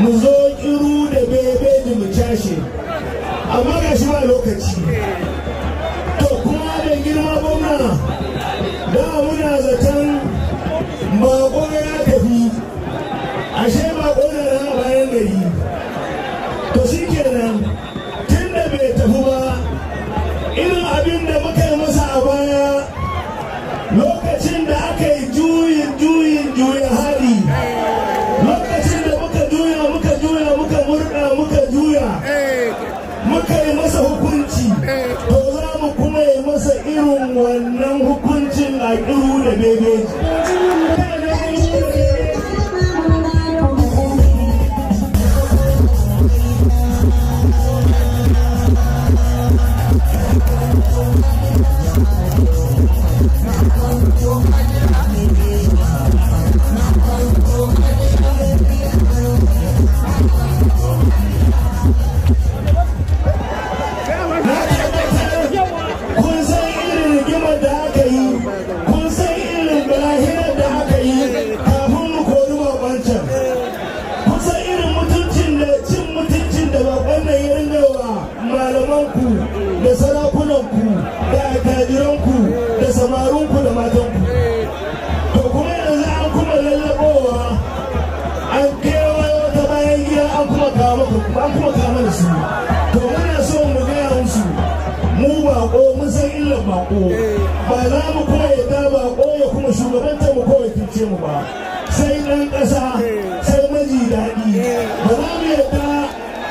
mu zo kiru da bebeji mu cashe amma ga shi ba lokaci to kuma da girma gwamna da muna zaton bako ya tafi ashe bako na bayan gari to shi kenan Ooh, the méjèèjì. bayan an kuma kawo muku an kuma kawo mana su to muna so mu gaya musu mu bako mun san illar bako ba za mu kuma yadda bako ya kuma shugabanta mu kawai kince mu ba sai ɗan ƙasa sai maji daɗi ba za mu yadda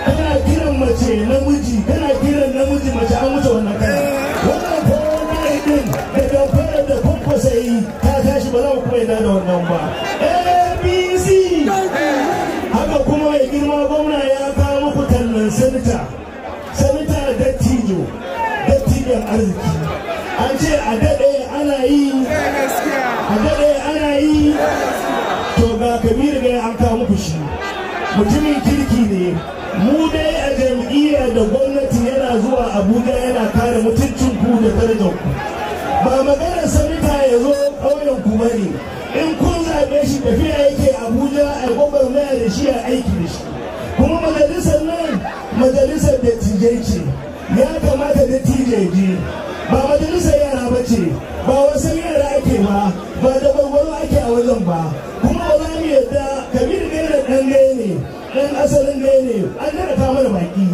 kana kiran mace namiji kana kiran namiji mace an wuce wannan kai wannan kawai ɗin da damfara da kwankwasa yi ta tashi ba za mu kuma da wannan ba ce a daɗe ana yi a daɗe ana yi to ga kabiru ga an kawo muku shi mutumin kirki ne mu dai a jam'iyyar da gwamnati yana zuwa abuja yana kare mutuncin ku da darajar ku ba maganar sanita ya zo ƙauyen ku bane in kun zaɓe shi tafiya yake abuja a gwamnar maya da shi a aiki da shi kuma majalisar nan majalisar da tijai ce ya kamata da tijai je ba majalisar yara ba ce ba wasu yara ake ba ba da gwagwaro ake a wajen ba kuma ba za mu yadda kabiru gaira dan gaya ne dan asalin gaya ne an daɗa kamar baki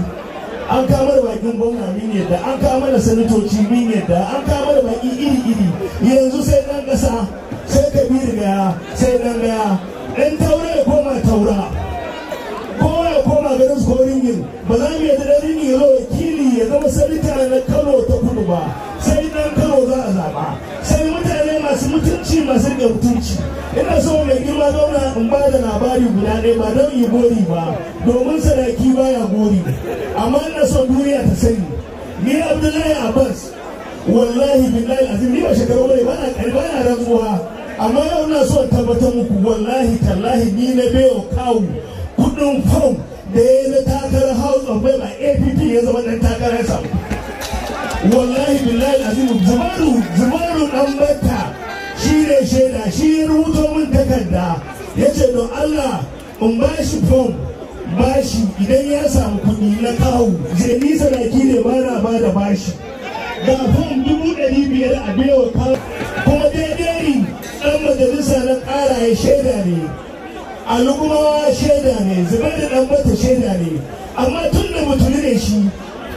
an kama da bakin gwamna min yadda an kama da sanatoci min yadda an kama da baki iri-iri yanzu sai dan ƙasa sai kabiru gaya sai dan gaya ɗan taura ya koma taura kowa ya koma garin su ko ringin ba za mu yadda ɗan ringin ya zo ba sai dan kano za a zaɓa sai mutane masu mutunci masu da mutunci ina so mai girma zauna in ba da labari guda ɗaya ba don yi gori ba domin sadaki ya gori amma ina so duniya ta sani ni abdullahi abbas wallahi billahi azim ni ba shekaru bane ba na rantsuwa amma yau ina so tabbatar muku wallahi tallahi ni na bewa kawu kudin fom da ya na takarar house of fame a app ya zama dan takarar sa wallahi billahi azimu zubaru zubaru dan batta shi ne shaida shi ya rubuto min takarda ya ce don allah in ba shi fom bashi idan ya samu kuɗi na kawo je ni sadaki ne ba na ba da bashi ga fom dubu ɗari biyar a biyawa kawo kuma daidai ɗan majalisa na ƙara ya shaida ne a al'ummawa shaida ne zubar da ɗan bata shaida ne amma tun da mutune ne shi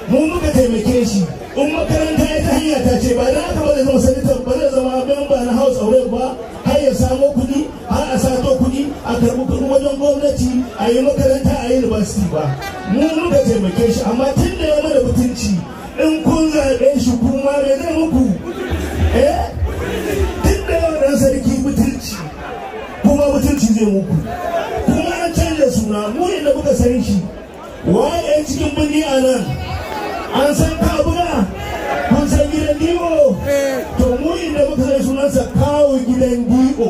mu muka taimake shi in makaranta ya ta hanya ta ce ba da haka ba zama sanita ba da zama memba na house of ba har ya samo kuɗi har a sato kuɗi a karɓi kuɗin wajen gwamnati a yi makaranta a university ba mu muka taimake shi amma tun da ya mana mutunci in kun zaɓe shi kuma me zai muku eh? tun da yawan ɗan sarki mutunci kuma mutunci zai muku kuma an canza suna mu ne da muka san shi waye cikin birni a nan an san kabuga kun san gidan diwo to mu inda muka san sunansa kawo gidan diwo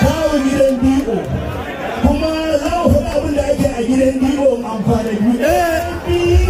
kawo gidan diwo kuma za mu faɗa abin da ake a gidan diwo amfana biyu